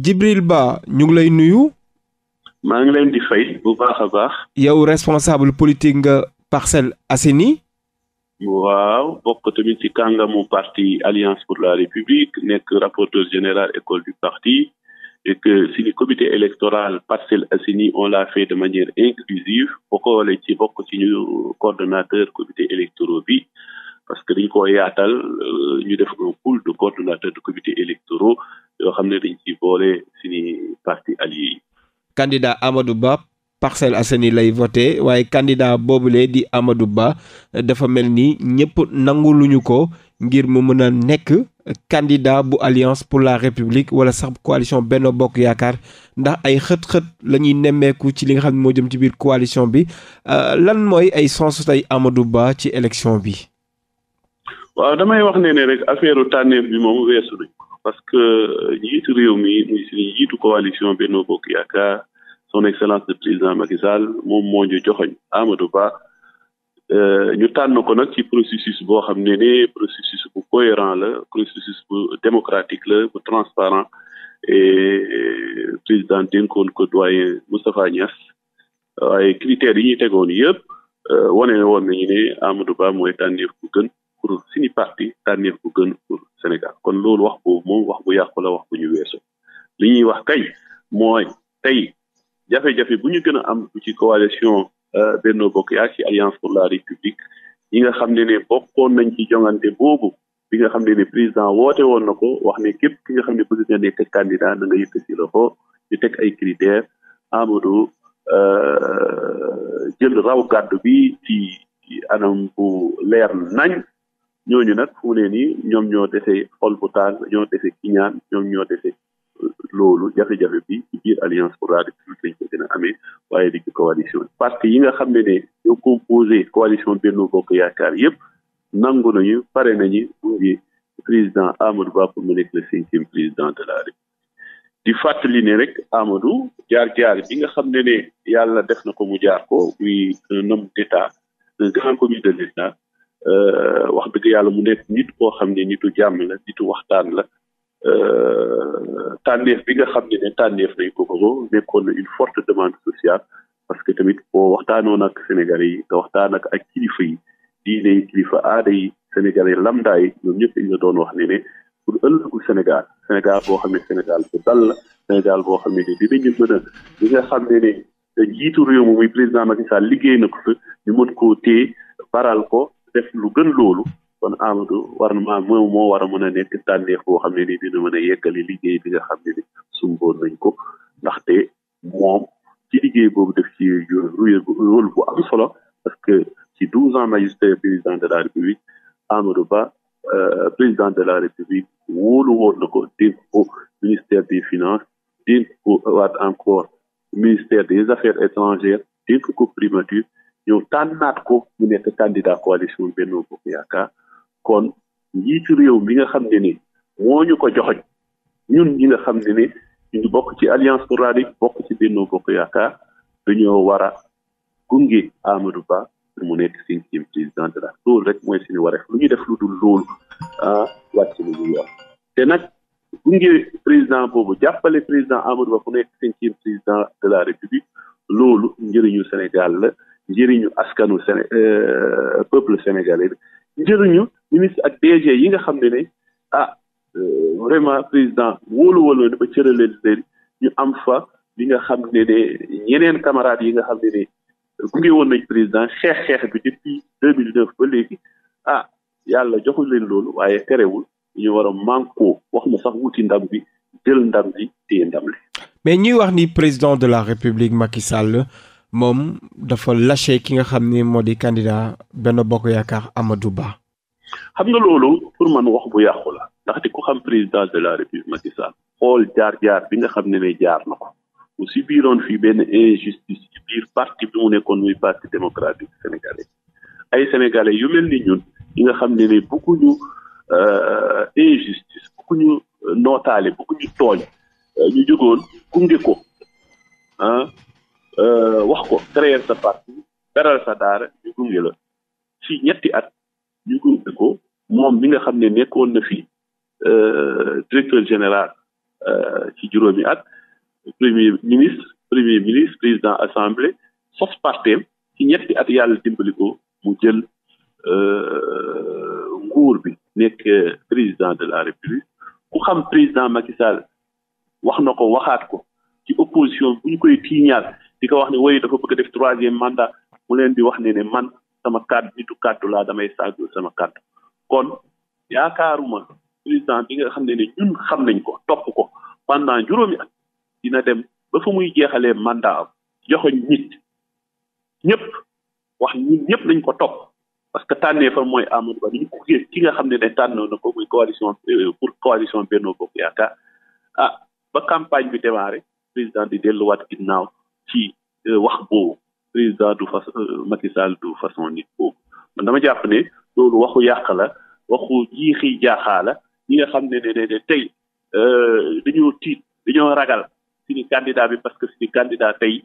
Djibril Ba ñu ngi lay nuyu. maa ngi leen di fay bu baax a baax. yow responsable politique nga Parcelles Assainies. waaw bokk tamit ci kàngamu parti Alliance pour la République nekk rapporteur général école du parti et que suñu comité électoral Parcelles Assainies on l'a fait de manière inclusive boo ko wale ci bokk ci ñu coordonnateur comité électoraux bi parce que dañ ko yaatal euh, ñu def un pool de coordonnateurs de comité électoraux yoo xam ne dañ ci boole suñu parti allié yi. candidat Amadou Ba Parcelles Assainies lay voté waaye candidat boobule di Amadou Ba dafa mel ni ñëpp nanguluñu ko ngir mu mën a nekk candidat bu alliance pour la république wala sax coalition benn Bokk Yaakaar ndax ay xët-xët la ñuy nemmeeku ci li nga xam ne moo jëm ci biir coalition bi euh, lan mooy ay sens tey Amadou Ba ci élection bi. waaw damay wax ne ne rek affaire tànneef bi moom weesu nañ parce que euh, njiitu réew mi muy suñu njiitu coalition Benno Bokk Yaakaar son excellence de président Macky Sall moom moo ñu joxoñ Amadou Ba euh, ñu tànn ko nag ci processus boo xam ne ne processus bu cohérent la processus bu démocratique la bu transparent et euh, président dénkoon ko doyen Moustapha Niass waaye critères yi ñuy tegoon yëpp wane woon nañu ne Amadou Ba mooy tànneef bu gën pour suñu parti tànneef bu gën Sénégal kon loolu wax boobu moom wax bu yàqu la wax bu ñu weesu li ñuy wax kay mooy tey jafe-jafe bu ñu gën a am ci coalition euh, Benno Bokk Yaakaar ci alliance pour la république ñi nga xam ne ne bokkoon nañ ci jongante boobu bi nga xam ne ne président woote woon na ko wax ne képp ki nga xam ne bëgg nga nekk candidat na nga yëkkati loxo ñu teg ay critères Amadou euh, jël raw gàddu bi ci anam bu leer nañ ñooñu nag fu mu ne nii ñoom ñoo dese xol bu tàng ñoo dese kiñaan ñoom ñoo defee euh, loolu jafe-jafe bi ci biir alliance pour la république lañ ko gën a amee waaye di ci coalition parce que yi nga xam ne ne ñoo composé coalition Benno Bokk Yaakaar yëpp nangu nañu pare nañu ngi président Amadou Ba pour mu nekk le cinquième président de la di fàttali ne rek Amadou jaar-jaar bi nga xam ne ne yàlla def na ko mu jaar ko muy un d'état grand commis de l'état Euh, wax dëgg yàlla mu nekk nit koo xam ne nitu jàmm la nitu waxtaan la euh, tànneef bi nga xam ne ne tànneef nañ ko ko nekkoon na une forte demande sociale parce que tamit boo waxtaanoon ak Sénégalais yi nga waxtaan ak ak kilifa yi diine yi kilifa aada yi Sénégalais lambda yi ñoom ñëpp ñu doon wax ne boo xam ne Sénégal bu la Sénégal boo xam ne ne dinañu mën a jiitu réew mi muy président Macky liggéey na ko fa ñu mën koo téye baral ko. def lu gën loolu kon Amadou war na moom moo war a mën a nekk tànneef boo xam ne ni dina mën a yeggali liggéey bi nga xam ne ni sumboon nañ ko ndaxte moom ci liggéey boobu def ci rôle bu am solo parce que ci douze ans magistère président de la République Amadou Ba euh, président de la République wóolu woon na ko dénk ko ministère des finances dénk ko waat encore ministère des affaires étrangères dénk ko primature ñëw tànnaat ko mu nekk candidat coalition Benno Bokk Yaakaar kon njiitu réew mi nga xam ne ni moo ñu ko joxoj ñun ñi nga xam ne ni ñu bokk ci alliance pour la République bokk ci Benno Bokk Yaakaar dañoo war a gunge Amadou Ba mu nekk cinquième président de loolu rek mooy suñu wareef lu ñu def lu dul loolu ah wàcc lu ñu yor te nag gunge président boobu jàppale président Amadou Ba nekk cinquième président de la République loolu njëriñu Sénégal la njëriñu askanu Séné euh, peuple sénégalais bi njëriñu ministre ak DG yi nga xam ne ne ah euh, vraiment président wóolu wóolu dafa cëraleen leen ñu am fa li nga xam ne ne ñeneen camarades yi nga xam ne ne gunge woon nañ président xeex xeex bi depuis deux mille ba léegi ah yàlla joxul leen loolu waaye terewul ñu war a mànkoo wax na sax wuti ndam bi jël ndam bi téye ndam li mais ñuy wax ni président de la république Macky Sall moom dafa lâché ki nga xam ni moo di candidat benn Bokk Yaakaar Amadou Ba. xam nga loolu pour man wax bu yàqu la ndaxte ku xam président de la république Macky xool jaar-jaar bi nga xam ne ne jaar na ko mu si biiroon fii benn injustice biir parti bi mu nekkoon muy parti démocratique sénégalais ay sénégalais yu mel ni ñun yi nga xam ne ne ñu euh, injustice bëgguñu euh, nootaale bëgguñu tooñ euh, ñu jógoon gunge ko ah. Euh, wax ko créer sa parti beral sa daara ñu gunge la fii ñetti at ñu gunge moom mi nga xam ne nekkoon na fi euh, directeur général euh, ci juróomi at premier ministre premier ministre président assemblée sos partem ci ñetti at yàlla dimbali ko mu jël nguur bi nekk président de la république ku xam président Macky wax na ko waxaat ko ci opposition bu koy tiiñaal di ko wax ne woy dafa bëgg def troisième mandat mu leen di wax ne ne man sama kàddu nitu kàddu laa damay saagul sama kàddu kon yaakaaruma président bi nga xam ne ne ñun xam nañ ko topp ko pendant juróomi at dina dem ba fa muy jeexalee mandat am joxoñ nit ñëpp wax ñun ñëpp nañ ko topp parce que tànnee fa mooy Amadou Ba dañu ki nga xam ne ne tànnoon na ko muy coalition euh, pour coalition Benno Bokk Yaakaar ah ba campagne bi démarré président di delluwaat ginnaaw ci euh, wax boobu président du façon euh, Macky du façon nit boobu dama jàpp ne loolu waxu yàq la waxu jiixi jaaxaa la ñi nga xam ne ne ne tey euh, dañoo tiit dañoo ragal suñu candidat bi parce que suñu candidat tey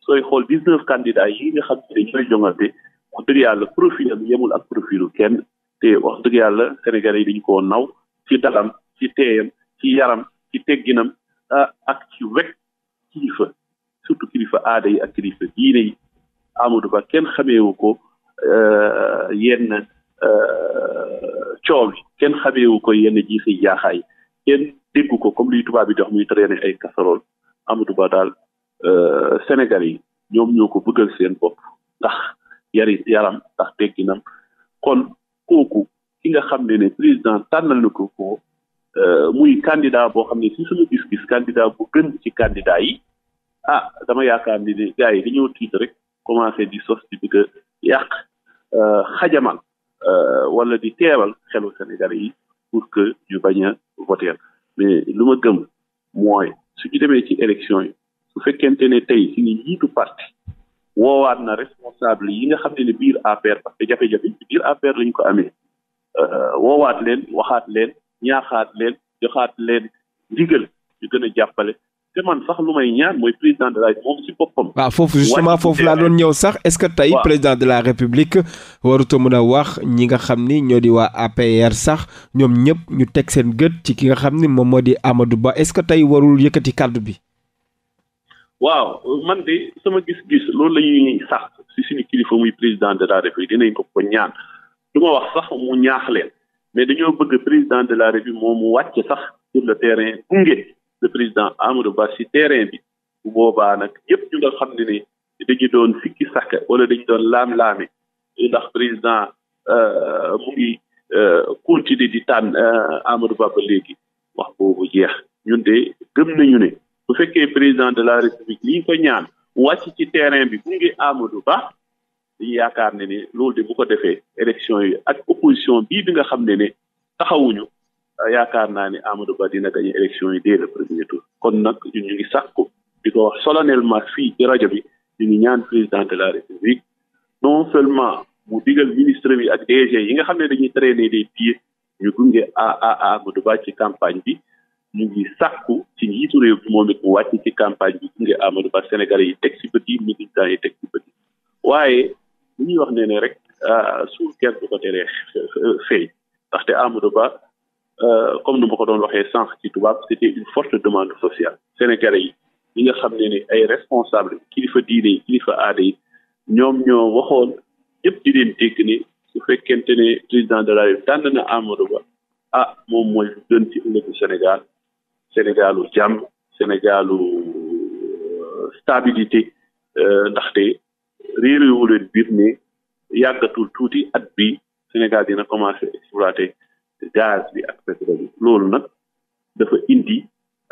sooy xool dix neuf candidats yi nga xam ne ñooy jongante wax dëgg yàlla profil am yemul ak profilu kenn te wax dëgg yàlla sénégalais yi dañu koo naw ci dalam ci teeyam ci yaram ci tegginam ah, ak ci wet kilifa surtout kilifa aada yi ak kilifa diine yi Amadou Ba kenn xameewu ko euh, yenn euh, coow yi kenn xameewu ko yenn jiixi jaaxaay kenn déggu ko comme liy tubaab bi dox muy traîner ay casserole Amadou Ba daal euh, Sénégal yi ñoom ñoo ko bëggal seen bopp ndax yari yaram ndax tegginam kon kooku ki nga xam ne ne président tànnal na ko ko muy candidat boo xam ne si suñu gis-gis candidat bu gën ci candidat yi ah dama yaakaar ni ni gars yi dañoo tiit rek commencé di sos di bëgg a yàq euh, xajamal euh, wala di teewal xelu Sénégalais yi pour que ñu bañ a voter mais lu ma gëm mooy su demee ci élection yi su fekkente ne tey si ni jiitu parti woowaat na responsable yi nga xam ne ne biir APR parce que jafe-jafe ci biir APR lañ ko amee euh, woowaat leen waxaat leen ñaaxaat leen joxaat leen ndigal ñu gën a jàppale te man sax lu may ñaan mooy président de la moom ci foofu justement foofu laa doon ñëw sax est-ce que tey président de la république waruta mën a wax ñi nga xam ni ñoo di waa APR sax ñoom ñëpp ñu teg seen gët ci ki nga xam ni moom moo di amadu Ba est-ce que tey warul yëkkati kàddu bi. waaw man de sama gis-gis loolu la ñuy sax ci suñu kilifa muy président de la république dinañ ko ko ñaan lu ma wax sax mu ñaax leen mais dañoo bëgg président de la république moom mu wàcce sax sur le président Amadou Ba si terrain bi bu boobaa nag yëpp ñu nga xam ne ni dañu doon fikki sakka wala dañu doon laam-laame ndax président euh, mu ngi euh, continuer di tànn euh, Amadou Ba ba léegi wax boobu jeex ñun de gëm nañu ne bu fekkee président de la république li ko ñaan wàcc ci terrain bi bu ngi Amadou Ba dañu yaakaar ne ne loolu de bu ko defee élection yi ak opposition bii bi nga xam ne ne taxawuñu yaakaar naa ni Amadou Ba dina gagné élection yi dès le premier tour kon nag ñun ñu ngi sàkku di ko wax solennellement fii ci rajo bi ñu ngi ñaan président de la république non seulement mu digal ministre bi ak DG yi nga xam ne dañuy traîner des pieds ñu gunge a Amadou Ba ci campagne bi ñu ngi sàkku ci njiitu réew bi moom it mu wàcc ci campagne bi gunge Amadou Ba yi teg ci bët yi militants yi teg ci bët yi waaye ñuy wax ne rek ah, suuf kenn du ko teree euh, euh, feeñ ndaxte Amadou Ba Euh, comme nu ma ko doon waxee sànq ci tubaab c'était une forte demande sociale sénégalais yi ñi nga xam ne ni ay responsable kilifa diine yi kilifa aada yi ñoom ñoo waxoon yëpp di leen dégg ni su fekkente ne président de la République na Amadou Ba ah moom mooy gën ci ëllëgu Sénégal Sénégalu jàmm Sénégalu euh, stabilité euh, ndaxte réeréwu leen biir ne yàggatul tuuti at bi Sénégal dina commencer exploiter gaz bi ak pétrole loolu nag dafa indi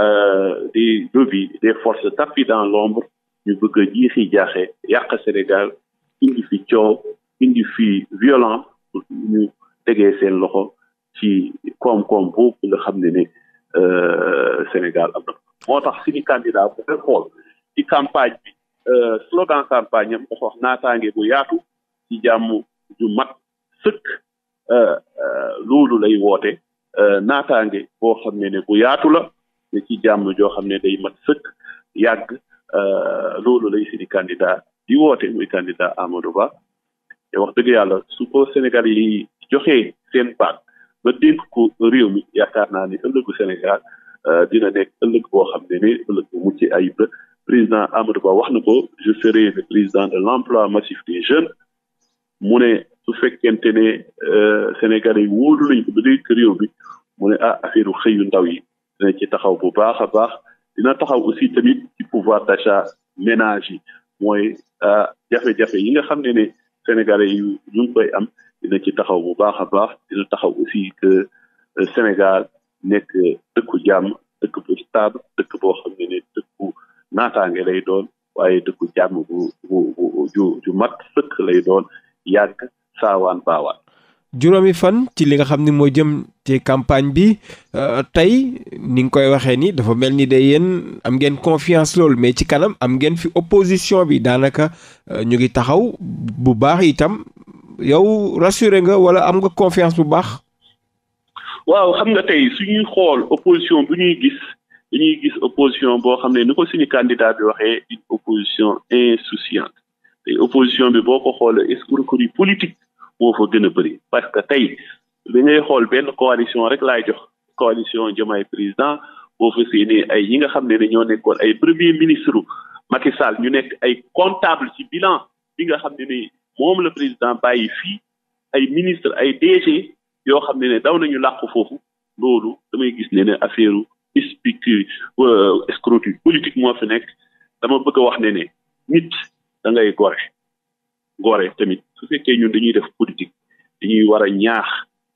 euh, des lobbies des force tapis dans l'ombre ñu bëgg a jiixi jaaxe yàq Sénégal indi fi coow indi fi violence ñu tegee seen loxo ci koom-koom boobu nga xam ne ne euh, Sénégal am na moo tax suñu candidat bu dee xool ci campagne bi euh, slogan campagne am dafa wax bu yaatu ci jàmm ju mat sëkk Euh, euh, loolu lay woote euh, naataange boo xam ne ne bu yaatu la ne ci jàmm joo xam ne day mat sëkk yàgg loolu lay seeni candidat di woote muy candidat Amadou Ba te wax dëgg yàlla su ko Sénégal yi joxe seen baat ba dénk ko réew mi yaakaar naa ni ëllëgu Sénégal dina nekk ëllëg boo xam ne ni ëllëg bu mucc ayib la président Amadou Ba wax na ko je serai le président de l'emploi massif des jeunes mu ne su fekkente ne euh, Sénégalais yi wóolu nañ ko ba léegi réew bi mu ne ah affaire xëyu ndaw yi dina ci taxaw bu baax a baax dina taxaw aussi tamit ci pouvoir d'achat ménage yi mooy ah, jafe-jafe yi nga xam ne ne Sénégalais yi ñu ngi koy am dina ci taxaw bu baax a baax dina taxaw aussi que euh, Sénégal nekk dëkku jàmm dëkk bu stable dëkk boo xam ne ne lay doon waaye dëkku jàmm bu bu bu ju sëkk lay doon yàgg saawaan baawaan juróomi fan ci li nga xam ni moo jëm ci campagne bi euh, tey ni nga koy waxee ni dafa mel ni de yéen am ngeen confiance lool mais ci kanam am ngeen fi opposition bi daanaka euh, ñu ngi taxaw bu baax itam yow rassuré nga walla am nga confiance bu baax waaw xam nga tey suñuy xool opposition bu ñuy gis dañuy gis opposition boo xam ne ni ko suñu candidat bi waxee une opposition insouciante te opposition bi boo ko xoolee escroquerie politique moo fa gën a bëri parce que tey li ngay xool benn coalition rek laay jox coalition Diomaye président boo fa séenee ay yi nga xam ne ne ñoo nekkoon ay premier ministre Macky Sall ñu nekk ay comptable ci bilan bi nga xam ne ni moom la président bàyyi fii ay ministre ay DG yoo xam ne ne daw nañu làq foofu loolu damay gis ne ne affaire explique escroquerie euh, politique moo fi nekk dama bëgg a wax ne ne nit da ngay gore gore tamit su fekkee ñun dañuy def politique dañuy war a ñaax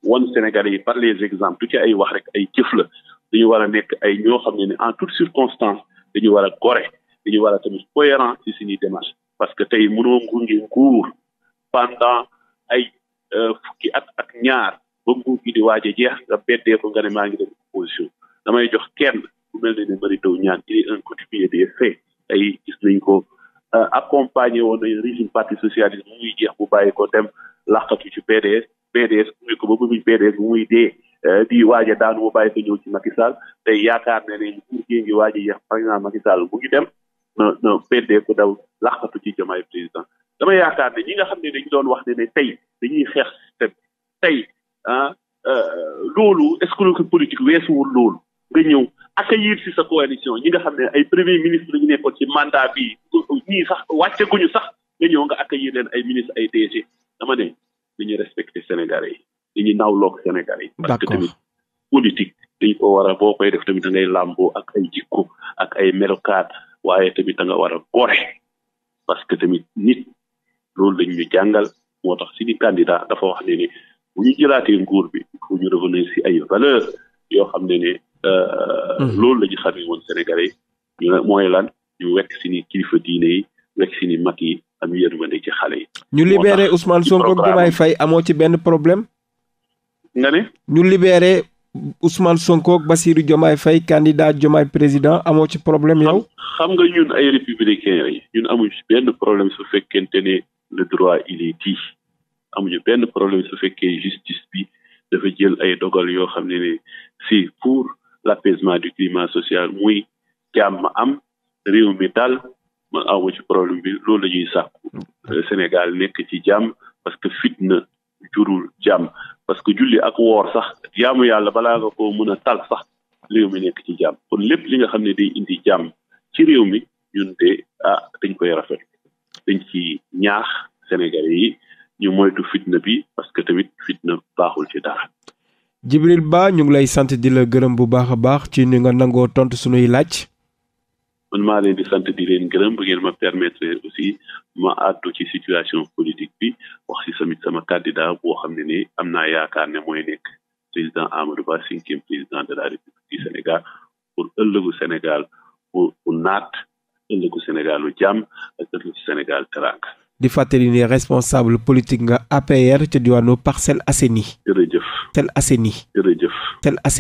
wan Sénégalais yi par les exemples du ci ay wax rek ay jëf la dañu war a nekk ay ñoo xam ne ne en toute circonstance dañu war a gore dañu war a tamit cohérent ci suñuy démarche parce que tey mënoo ngunge nguur pendant ay euh, fukki at ak ñaar ba nguur gi di waaj a jeex nga beddee ko nga ne maa ngi dem opposition damay jox kenn bu mel ne ne Mary Teuw Niane il est un couturier des faits ay gis nañ ko Euh, accompagné woon nañu régime parti socialiste bu muy jeex bu bàyyi ko dem laqatu ci PDS PDS muy ko ba bu muy dee euh, di waaja a daanu mu bàyyi ko ñëw ci Macky Sall te yaakaar na ni nguur gi ngi waaj a yeex président Macky Sall bu ngi dem na na PDS ko daw laqatu ci jamaay président dama yaakaar ne ñi nga xam ne dañu doon wax ne ne tey dañuy xeex système tey ah euh, loolu est-ce que politique loolu nga ñëw accueillir si sa coalition ñi nga xam ne ay premier ministre ñu nekkoon ci mandat bi ñii sax wàcceguñu sax nga nga accueillir leen ay ministre ay DG dama ne li ñu respecter Sénégalais yi li ñu nawloog Sénégalais yi. parce que tamit politique dañ ko war a boo def tamit da ngay làmboo ak ay ak ay melokaat waaye tamit da nga war a gore parce que tamit nit loolu lañ ñu jàngal moo tax suñu candidat dafa wax ne ni bu ñu jëlaatee nguur bi il ñu revenir ci ay valeur yoo xam ne ne. Euh, mhm. loolu la ñu xamee woon Sénégalais mooy lan ñu wekk si ni kilifa diine mag yi am yërmande ci xale yi. ñu libéré Ousmane Sonko ak Diomaye amoo ci benn problème. nga ne. ñu libéré Ousmane Sonko ak Bassirou Diomaye Faye candidat Diomaye président amoo ci problème yow. xam nga ñun ay républicain yi ñun amuñu benn problème su fekkente ne le droit il est benn problème su fekkee justice bi dafa jël ay dogal yoo xam ne ne c'est pour. l'apaisement du climat social muy jàmm am réew mi dal man amu ci problème bi loolu la ñuy sàkku mm-hmm. euh, Sénégal nekk ci jàmm parce que fitna jurul jàmm parce que julli ak woor sax jaamu yàlla balaa nga ko mën a tal sax réew mi nekk ci jàmm lépp li nga xam ne day indi jàmm ci réew mi ñun de ah dañ koy rafet dañ ci ñaax Sénégalais yi ñu moytu fitna bi parce que tamit fitna baaxul ci dara Djibril Ba ñu ngi lay sant di la gërëm bu baax a baax ci ni nga nangoo tontu suñuy laaj. man maa leen di sant di leen gërëm bu ngeen ma permettre aussi ma àddu ci situation politique bi wax ci samit sama candidat boo xam ne nii am naa yaakaar ne mooy nekk président Amadou Ba cinquième président de la République Sénégal pour ëllëgu Sénégal pour naat ëllëgu Sénégal lu jàmm ak ëllëgu Sénégal teraanga. di fàttali ne responsable politique nga APR ca diwaanu Parcelles Assainies. jërëjëf Parcelles Assainies. jërëjëf Parcelles Assainies.